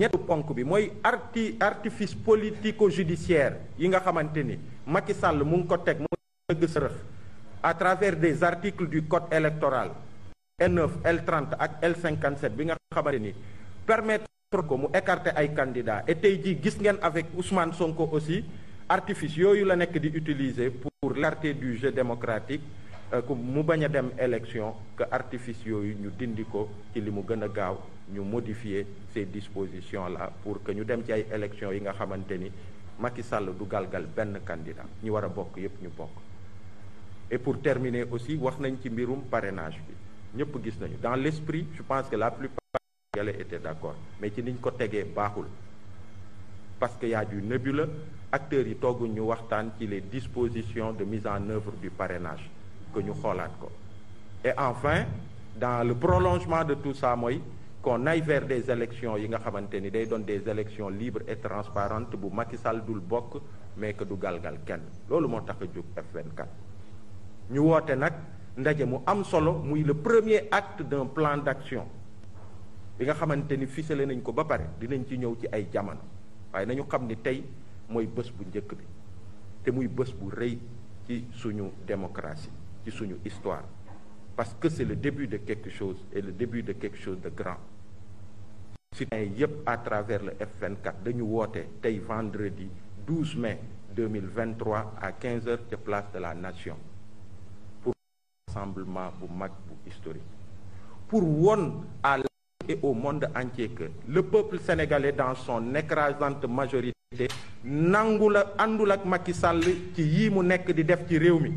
ñettu ponk bi mooy arti artifice politico judiciaire yi nga xamante ni Macky Sall mu ngi ko teg mu dëgg sërëx à travers des articles du code électoral L9 L30 ak L57 bi nga xamante ni permettre ko mu écarte ay candidats et tey jii gis ngeen avec Ousmane Sonko aussi artifice yooyu la nekk di utiliser pour l'arté du jeu démocratique Euh, ku mu bañ a dem élection que artifice yu ñu dindi ko ci li mu gën a gaaw ñu modifier ces dispositions la pour que ñu dem ci ay élection yi nga xamante ni Macky Sall du galgal benn candidat ñi war a bokk yépp ñu bokk et pour terminer aussi wax nañ ci mbirum parenage bi ñëpp gis nañu dans l'esprit je pense que la plupart Sénégalais étaient d'accord mais ci niñ ko tegee baaxul parce que y a du nébuleux acteurs yi tooguñ ñu waxtaan ci les dispositions de mise en œuvre du parrainage que ñu xoolaat ko et enfin dans le prolongement de tout ça mooy qu'on aille vers des élections yi nga xamante ni day doon des élections libre et transparentes bu Macky Sall dul bokk mais que du galgal kenn loolu moo tax a jóg f ñu woote nag ndaje mu am solo muy le premier acte d'un plan d'action bi nga xamante ni ficelé nañ ko ba pare dinañ ci ñëw ci ay jamono waaye nañu xam ni tey mooy bës bu njëkk bi te muy bés bu rëy ci suñu démocratie ci suñu histoire parce que c'est le début de quelque chose et le début de quelque chose de grand citoyens yëpp à travers le f dañu woote tey vendredi 12 mai 2023 à 15 heures de place de la nation pour rassemblement bu mag bu historique pour won à la et au monde entier que le peuple sénégalais dans son écrasante majorité nangu la àndul ak Macky Sall ci yii mu nekk di def ci réew mi